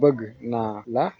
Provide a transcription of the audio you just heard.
bëgg naa la